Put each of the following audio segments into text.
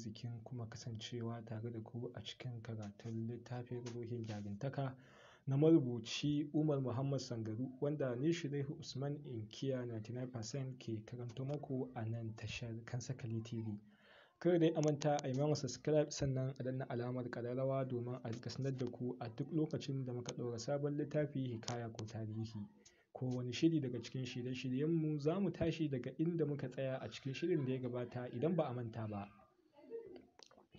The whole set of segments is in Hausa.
arzikin kuma kasancewa tare da ku a cikin karatun littafin ruhin yarintaka na marubuci Umar Muhammad Sangaru wanda ni Shulehu Usman Inkiya 99% ke karanto muku a nan tashar Kansakali TV. Kar dai amanta a yi mana subscribe sannan a danna alamar kararrawa domin a rika sanar da ku a duk lokacin da muka ɗora sabon littafi hikaya ko tarihi. ko wani shiri daga cikin shirye-shiryenmu za mu tashi daga inda muka tsaya a cikin shirin da ya gabata idan ba a manta ba.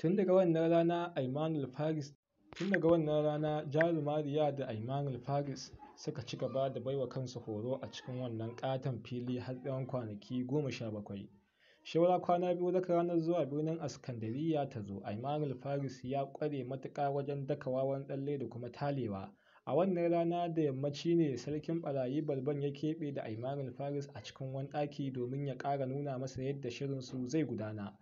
Tun daga wannan rana Aymanul Faris Tun daga wannan rana da Aymanul Faris suka ci gaba da baiwa kansu horo a cikin wannan katon fili har tsawon kwanaki goma sha bakwai. Shawara kwana biyu daka ranar zuwa birnin Askandariya, ta zo, Aymanul Faris ya kware matuka wajen daka wawan tsalle da kuma talewa. A wannan rana da yammaci ne Sarkin Ɓarayi Balban ya keɓe da Aymanul Faris a cikin wani ɗaki domin ya ƙara nuna masa yadda shirinsu zai gudana.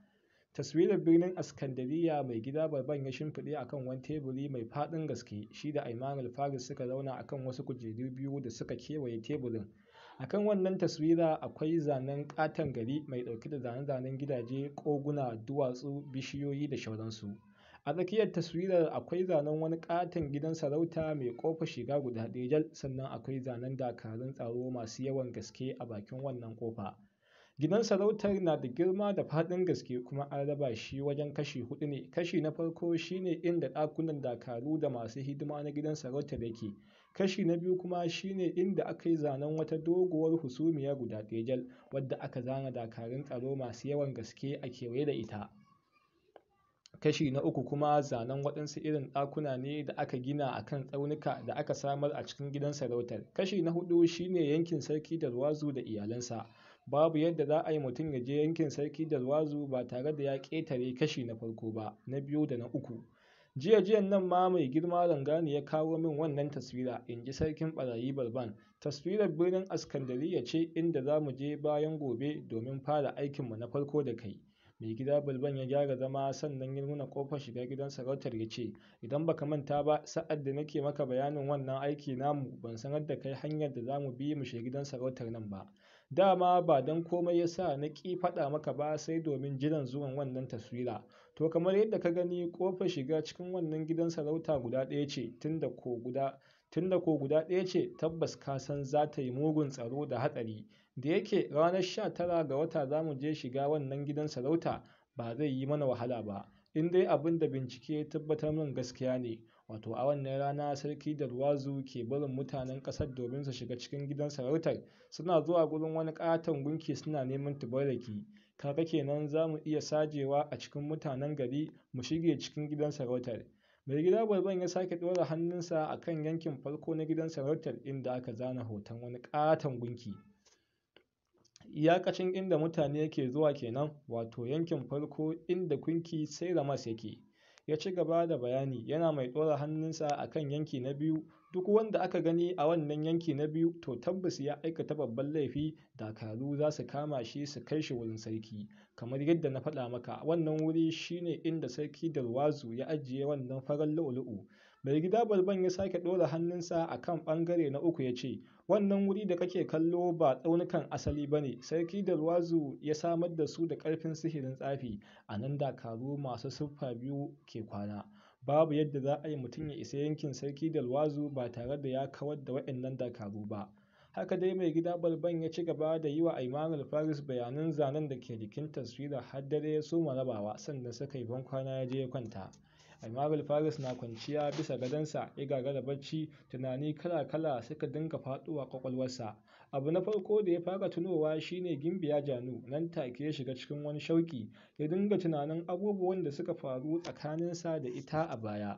Taswirar birnin askandariya mai Gida babban ya shimfiɗe a kan wani teburi mai faɗin gaske, shi da Aymanul Faris suka zauna a kan wasu kujeru biyu da suka kewaye teburin, a kan wannan taswira akwai zanen ƙaton gari mai ɗauke da zane-zanen gidaje, koguna, duwatsu, bishiyoyi da shauransu A tsakiyar taswirar akwai zanen wani ƙaton gidan sarauta mai ƙofar shiga guda ɗaya jal, sannan akwai zanen dakarun tsaro masu yawan gaske a bakin wannan ƙofa. Gidan sarautar na da girma da faɗin gaske kuma an raba shi wajen kashi hudu ne. Kashi na farko shi ne inda ɗakunan dakaru da masu hidima na gidan sarautar yake. Kashi na biyu kuma shi ne inda aka yi zanen wata doguwar husumiyar guda ɗaya wadda aka zana dakarun tsaro masu yawan gaske a kewaye da ita. Kashi na uku kuma zanen waɗansu irin ɗakuna ne da aka gina a kan tsaunuka da aka samar a cikin gidan sarautar. Kashi na hudu shi ne yankin sarki da ruwazu da iyalansa. babu yadda za a yi mutum ya je yankin sarki da Dalwazu ba tare da ya ƙetare kashi na farko ba, na biyu da na uku. Jiya jiyan nan ma mai girma Rangani ya kawo min wannan taswira, in ji sarkin ɓarayi Balban. Taswirar birnin Askandariya ce inda za mu je bayan gobe domin fara aikinmu na farko da kai. mai gida balban ya gyara zama sannan ya nuna kofar shiga gidan sarautar ya ce idan baka manta ba sa'ad da nake maka bayanin wannan aiki namu ban sanar da kai hanyar da za mu bi mu shiga gidan sarautar nan ba dama ba don komai ya sa na ƙi faɗa maka ba sai domin jiran zuwan wannan taswira. To kamar yadda ka gani ƙofar shiga cikin wannan gidan sarauta guda ɗaya ce tunda ko guda tunda ko guda ɗaya ce tabbas ka san za ta yi mugun tsaro da hatsari. Da yake ranar sha tara ga wata za mu je shiga wannan gidan sarauta ba zai yi mana wahala ba in dai abin da bincike ya tabbatar min gaskiya ne. Wato a wannan rana sarki da Dalwazu ke barin mutanen ƙasar domin su shiga cikin gidan sarautar, suna zuwa gurin wani ƙaton gunki suna neman tubarraki. Kaka kenan za mu iya sajewa a cikin mutanen gari mu shige cikin gidan sarautar. mai gida Barban ya sake ɗora hannunsa a kan yankin farko na gidan sarautar inda aka zana hoton wani ƙaton gunki. Iyakacin inda mutane ke zuwa kenan wato yankin farko inda gunki ramas yake. ya ci gaba da bayani yana mai ɗora hannunsa a kan yanki na biyu duk wanda aka gani a wannan yanki na biyu to tabbas ya aikata babban laifi dakaru za su kama shi su kai shi wurin sarki kamar yadda na faɗa maka wannan wuri shine inda sarki darwazu ya ajiye wannan farar lu'u-lu'u. mai gida balban ya sake ɗora hannunsa a kan ɓangare na uku ya ce Wannan wuri da kake kallo ba tsaunukan asali ba ne, Sarki ruwazu ya samar da su da ƙarfin sihirin tsafi, a nan dakaru masu siffa biyu ke kwana. Babu yadda za a yi mutum ya isa yankin Sarki da ruwazu ba tare da ya kawar da waɗannan dakaru ba. Haka dai mai gida Balban ya ci gaba da yi wa Imanul Faris bayanan zanen da ke jikin taswira har dare ya soma rabawa, sannan suka yi bankwana ya je ya kwanta. Admiral Faris na kwanciya bisa gadonsa ya gagara barci, tunani kala-kala suka dinga faduwa kwakwalwarsa. Abu na farko da ya fara tunowa shine ne Gimbiya Janu, nan take ya shiga cikin wani shauki ya dinga tunanin abubuwan da suka faru tsakaninsa da ita a baya.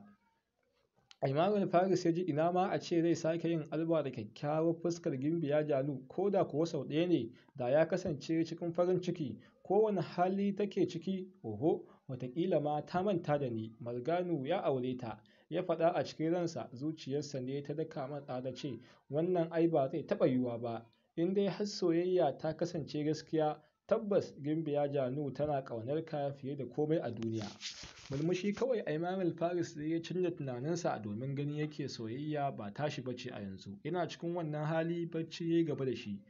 Immanuel Faris ya ji ina ma a ce zai sake yin alba da kyakkyawar fuskar Gimbiya Jalu ko da kuwa sau ɗaya ne da ya kasance cikin farin ciki kowane hali take ciki oho Wataƙila ma ta manta da ni, Marganu ya aure ta, ya faɗa a cikin ransa, zuciyarsa ne ta daka matsa tsada ce, wannan ai ba zai taɓa yiwuwa ba, in dai har soyayya ta kasance gaskiya, tabbas Gimbiya Janu tana ƙaunar kaya fiye da komai a duniya. Mulmushi kawai imamul Faris ya canza tunaninsa domin ganin yake soyayya ba tashi ba ce a yanzu, Ina cikin wannan hali bacci ya gaba da shi.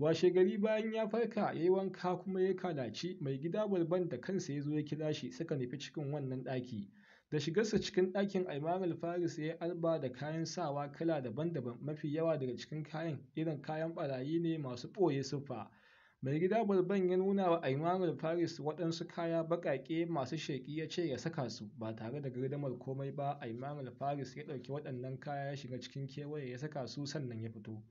Washegari bayan ya farka ya yi wanka kuma ya kalaci, mai gida Balban da kansa ya zo ya kira shi suka nufi cikin wannan ɗaki. Da shigarsa cikin ɗakin Aimaral Faris ya yi alba da kayan sawa kala daban-daban mafi yawa daga cikin kayan irin kayan ɓarayi ne masu ɓoye siffa. Mai gida Balban ya nuna wa Aimaral Faris waɗansu kaya baƙaƙe masu sheƙi ya ce ya saka su ba tare da gardamar komai ba Aimaral Faris ya ɗauki waɗannan kaya ya shiga cikin kewaye ya saka su sannan ya fito.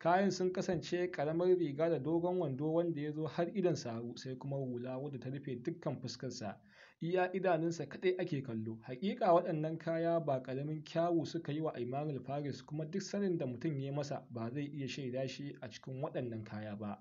Kayan sun kasance karamar riga da dogon wando wanda ya zo har idan saru sai kuma hula wadda ta rufe dukkan fuskarsa. Iya idanunsa kaɗai ake kallo. Hakika waɗannan kaya ba ƙaramin kyawu suka yi wa Imanul Faris kuma duk sanin da mutum ya masa ba zai iya shaida shi a cikin waɗannan kaya ba.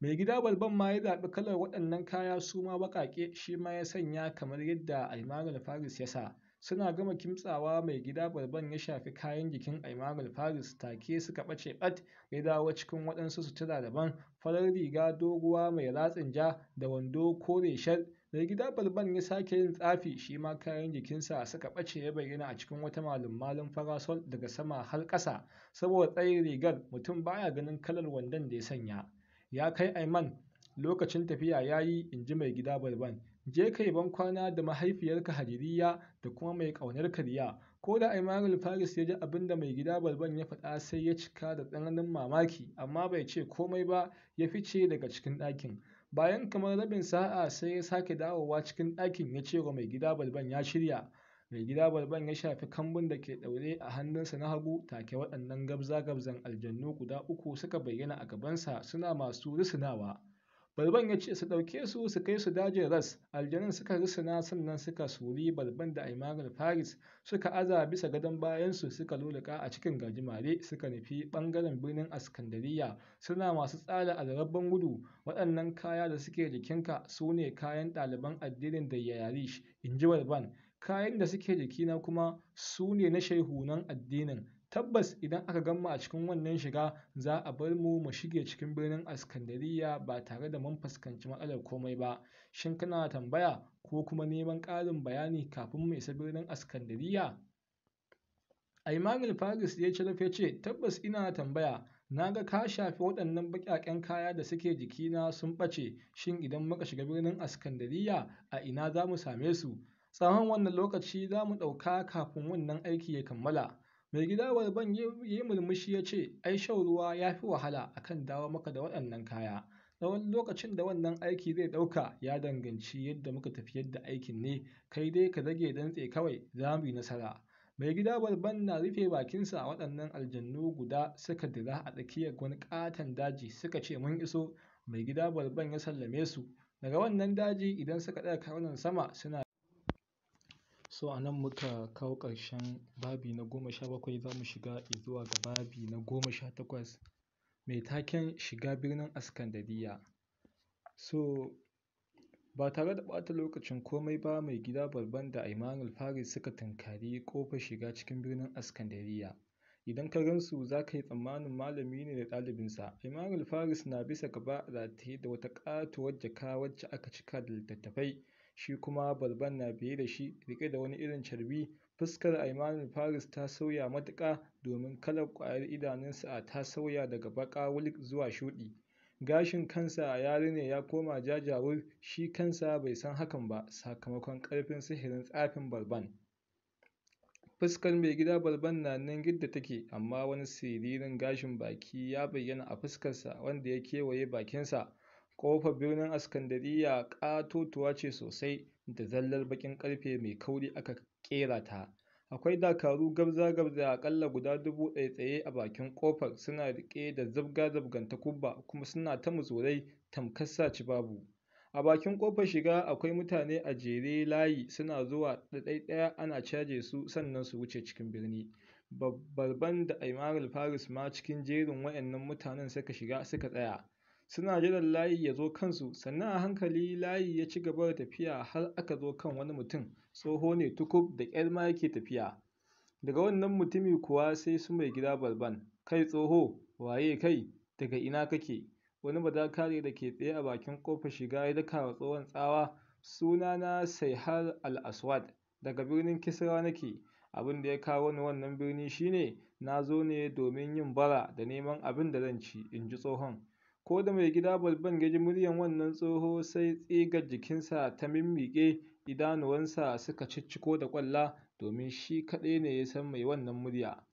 Mai gida Balban ma ya zaɓi kalar waɗannan kaya su ma baƙaƙe shi ma ya sanya kamar yadda Imanul Faris ya sa. Suna gama kimtsawa mai gida Barban ya shafi kayan jikin Aimarul Faris take suka ɓace ɓat ya dawo cikin waɗansu sutura daban, farar riga doguwa mai ratsin ja da wando kore shar. Mai gida Barban ya sake yin tsafi shi ma kayan jikinsa suka ɓace ya bayyana a cikin wata malum farasol daga sama har ƙasa, saboda tsayin rigar mutum baya ganin kalar wandon da ya sanya. Ya kai Aiman, lokacin tafiya ya yi, in ji mai gida Barban. Je ka yi bankwana da mahaifiyarka Hadiriya da kuma mai ƙaunarka Kariya. Ko da Aimarul Faris ya ji abin da mai gida Balban ya faɗa sai ya cika da tsananin mamaki, amma bai ce komai ba ya fice daga cikin ɗakin. Bayan kamar rabin sa'a sai ya sake dawowa cikin ɗakin ya ce wa mai gida Balban ya shirya. Mai gida Balban ya shafi kambun da ke ɗaure a hannunsa na hagu take waɗannan gabza-gabzan aljannu guda uku suka bayyana a gabansa suna masu risinawa. Balban ya ce su ɗauke su su kai su dajin Ras, aljanun suka rusuna sannan suka suri Balban da Aimarar paris suka aza bisa gadon bayansu suka luluka a cikin gajimare suka nufi ɓangaren birnin Askandariya suna masu tsara alrabban gudu waɗannan kaya da suke jikinka su ne kayan ɗaliban addinin da Yarish, in ji Balban. Kayan da suke jikina kuma su ne na shehunan addinin Tabbas idan aka gan mu a cikin wannan shiga za a bar mu mu shige cikin birnin Iskandariya ba tare da mun fuskanci matsalar komai ba. Shin kana tambaya ko kuma neman ƙarin bayani kafin mu isa birnin Iskandariya? Aimanul Faris ya ce ya ce, Tabbas ina tambaya, na ga ka shafi waɗannan baƙaƙen kaya da suke jikina sun ɓace, shin idan muka shiga birnin Iskandariya a ina za mu same su? Tsawon wannan lokaci za mu ɗauka kafin wannan aiki ya kammala. mai gida ya yi murmushi ya ce, ai shan ruwa ya fi wahala a kan dawo maka da waɗannan kaya. Tsawon lokacin da wannan aiki zai ɗauka ya danganci yadda muka tafiyar da aikin ne, kai dai ka zage dantse kawai za mu yi nasara. Mai gida walban na rufe bakinsa waɗannan aljannu guda suka dira a tsakiyar wani ƙaton daji suka ce mun iso. Mai gida walban ya sallame su. Daga wannan daji idan suka ɗaga kawunan sama suna So a nan muka kawo ƙarshen babi na goma sha bakwai. Za mu shiga izuwa ga babi na goma sha takwas mai taken shiga birnin Askandariya. So ba tare da ɓata lokacin komai ba, mai gida babban da Aimanul Faris suka tunkari ƙofar shiga cikin birnin Askandariya. Idan ka su za ka yi tsammanin malami ne da ɗalibinsa. Aimanul Faris na bisa gaba da rataye da wata ƙatuwar jaka wacce aka cika da littattafai shi kuma Balban na biye da shi riƙe da wani irin carbi fuskar aimanin Faris ta sauya matuƙa domin kalar ƙwayar idanunsa a ta sauya daga baƙa wulik zuwa shuɗi gashin kansa a yare ne ya koma jajawur shi kansa bai san hakan ba sakamakon ƙarfin sihirin tsafin Balban fuskar mai gida Balban na nan yadda take amma wani siririn gashin baki ya bayyana a fuskarsa wanda ya kewaye bakinsa Ƙofar birnin askandariya ƙatotuwa ce sosai da zallar baƙin ƙarfe mai kauri aka ƙera ta. Akwai dakaru gabza-gabza aƙalla guda dubu ɗaya tsaye a bakin ƙofar suna riƙe da zabga-zabgan takubba kuma suna ta mutsurai tamkar saci babu. A bakin ƙofar shiga akwai mutane a jere layi suna zuwa ɗaya ana caje su sannan su wuce cikin birni. Babbar da Aimara faris ma cikin jerin wayannan mutanen suka shiga suka tsaya. Suna jiran layi ya zo kansu, sannan a hankali layi ya ci gaba da tafiya har aka zo kan wani mutum, tsoho ne tukub da ƙyar ma yake tafiya. Daga wannan mutumi kuwa sai su mai gida Balban, kai tsoho, waye kai, daga ina kake? Wani badakare da ke tsaye a bakin kofar shiga ya daka wa tsohon tsawa, Suna na Saihar Al-Aswad, daga birnin Kisra nake, abin da ya kawo ni wannan birni shine. na zo ne domin yin bara da neman abin da zan ci, in ji tsohon. ko da mai gida babban ya ji muryar wannan tsoho sai tsigar jikinsa ta mimmiƙe idanuwansa suka cicciko da ƙwalla domin shi kaɗai ne ya san mai wannan murya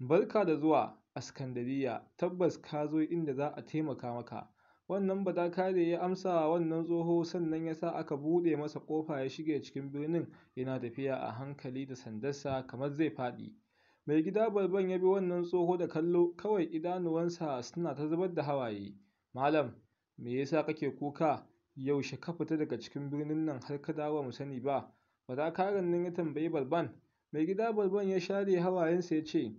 barka da zuwa a askandariya tabbas ka zo inda za a taimaka maka wannan badakare ya amsa wannan tsoho sannan ya sa aka buɗe masa ƙofa ya shige cikin birnin yana tafiya a hankali da sandarsa kamar zai faɗi mai gida babban ya bi wannan tsoho da kallo kawai idanuwansa suna ta zubar da hawaye Malam, me yasa kake kuka? Yaushe ka fita daga cikin birnin nan har ka dawo ba mu sani ba? Bara yaron nan ya tambayi Balban. Mai gida Balban ya share hawayensa ya ce,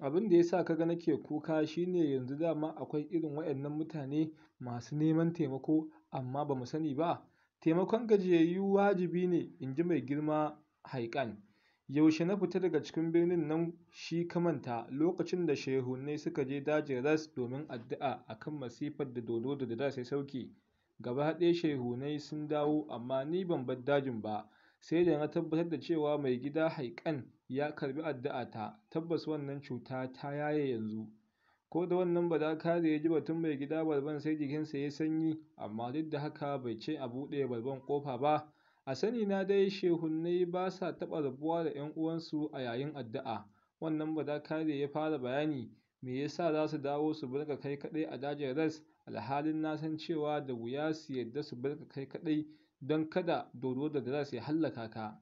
Abin da ya sa ka ga nake kuka shine ne yanzu dama akwai irin waɗannan mutane masu neman taimako amma ba mu sani ba. Taimakon gajiyayyu wajibi ne, in ji mai girma haikan. Yaushe na fita daga cikin birnin nan shi ka manta, lokacin da shehunnai suka je dajin Ras domin addu'a a kan masifar da Dodo da da ya sauke, gaba haɗe shehunnai sun dawo amma ni ban bar dajin ba, sai da na tabbatar da cewa mai gida haikan ya karbi addu'a ta tabbas wannan cuta ta yaye yanzu. Ko da wannan ba za da ya ji batun mai gida Balban sai jikinsa ya sanyi, amma duk da haka bai ce a buɗe Balban ƙofa ba, A sani na dai shehunnai ba sa taɓa rabuwa da 'yan uwansu a yayin addu'a, wannan ba kare ya fara bayani, me ya sa za su dawo su burga kai kaɗai a dajin Ras, alhalin na san cewa da wuya su yadda su burga kai kaɗai don kada Dodo da Ras ya hallaka ka.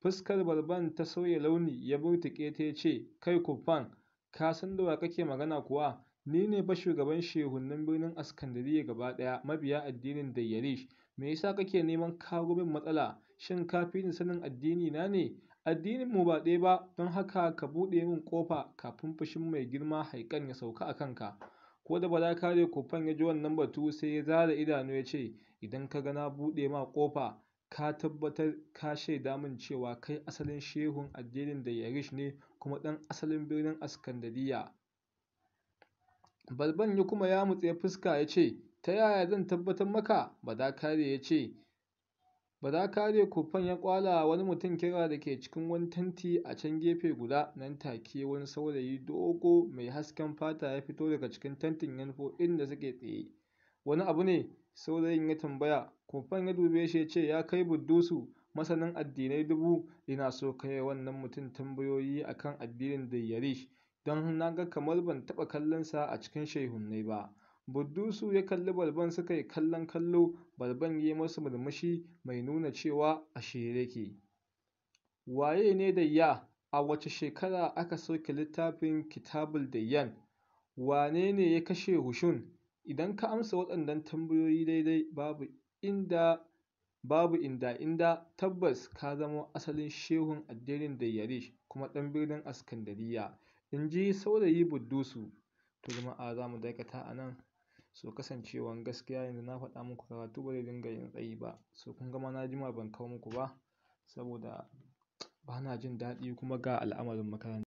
Fuskar Barban ta sauya launi ya burtuƙe ta ya ce, Kai Kuffan, ka san da wa kake magana kuwa? Ni ne fa shugaban shehunnan birnin Askandariya gaba ɗaya mabiya addinin Dayyarish, Me yasa kake neman kawo min matsala? Shin ka fi ni sanin addini na ne? addinin mu ba ɗaya ba, don haka ka buɗe min ƙofa kafin fushin mai girma haikan ya sauka a kanka. Ko da Balakare Kofan ya ji wannan batu sai ya zare idanu ya ce, Idan ka ga na buɗe ma ƙofa, ka tabbatar ka shaida min cewa kai asalin shehun addinin da Yarish ne kuma ɗan asalin birnin Askandariya. Balban ya kuma ya fuska ya ce, Ta yaya zan tabbatar maka? Badakare ya ce. Badakare Kofan ya kwala wani mutum kira da ke cikin wani tanti a can gefe guda, nan take wani saurayi dogo mai hasken fata ya fito daga cikin tantin ya nufo inda suke tsaye. Wani abu ne? Saurayin ya tambaya. Kofan ya dube shi ya ce, Ya kai Buddusu, masanin addinai dubu, ina so ka wannan mutum tambayoyi a kan addinin dayarish don na ga kamar ban taɓa kallon sa a cikin shehunnai ba. Buddusu ya kalli Balban suka yi kallon kallo, Balban ya yi masa murmushi mai nuna cewa a shirye ke Waye ne Dayya? A wace shekara aka soke littafin Kitabul Dayyan? Wane ne ya kashe Hushun? Idan ka amsa waɗannan tambayoyi daidai babu inda babu inda-inda tabbas ka zamo asalin shehun addinin Dayyarish kuma ɗan birnin Askandariya, in ji saurayi Buddusu. To jama'a za mu dakata a nan. So kasancewan gaskiya yanzu na faɗa muku karatu ba zai dinga yin tsayi ba. So kun gama na jima ban kawo muku ba saboda ba na jin daɗi kuma ga al'amarin makaranta.